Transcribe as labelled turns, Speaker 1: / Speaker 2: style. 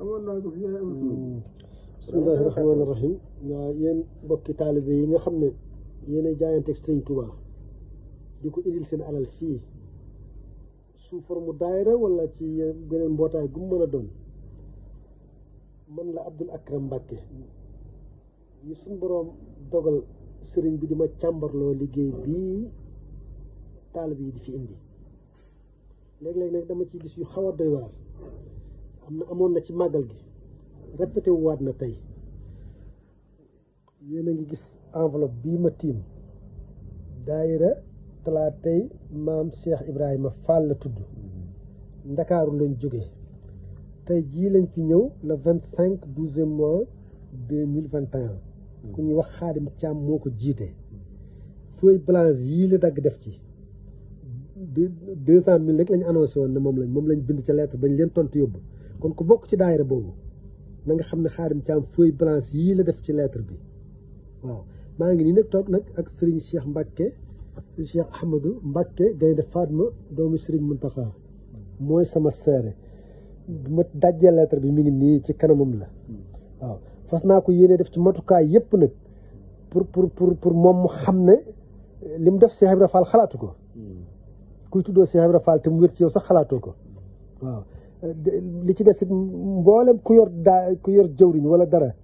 Speaker 1: amoon naa ko fi yaay amul mm. bokki taalibe yi nga xam ne yéen ay jaayanteeg sëriñ Tuubaa di ko indil seen alal fii sous forme daayira wala ci beneen mbootaay gu mu a doon man la Abdul Akram Mbàkke yi suñ boroom dogal sëriñ bi di ma càmbarloo liggéey bii taalibe yi di fi indi léeg-léeg nag dama ci gis yu xaw a amoon na ci màggal gi répété wu na tey yéen a ngi gis enveloppe bii ma tiim daayira talaatay maam Cheikh Ibrahima Fall la tudd ndakaaru lañ jógee tey jii lañ fi ñëw le vingt cinq douzième mois deux mille vingt et un ku ñuy wax xaadim Thiam moo ko jiite feuille blanche yii la dagg def ci deux cent mille rek lañ annoncé woon moom lañ moom lañ bind ca lettre bañ leen tontu yóbbu kon ku bokk ci daayira boobu na nga xam ne xaarim caam feuille blanche yii la def ci lettre bi waaw maa ngi nii nag toog nag ak Serigne Cheikh Mbacke Cheikh Ahmadou Mbacke Gaynde Fatma doomu Serigne Mountakha mooy sama seere bu ma dajjee lettre bi mi ngi nii ci kanamam la waaw fas naa ko yéene def ci matukaay yépp nag pour pour pour pour moom mu xam ne li mu def Cheikh Ibrahima Fall xalaatu ko hmm. kuy tuddoo Cheikh Ibrahima Fall te mu wér yow sax xalaatoo ko waaw li ci des it mboolem ku yor daa ku yor jëwriñ wala dara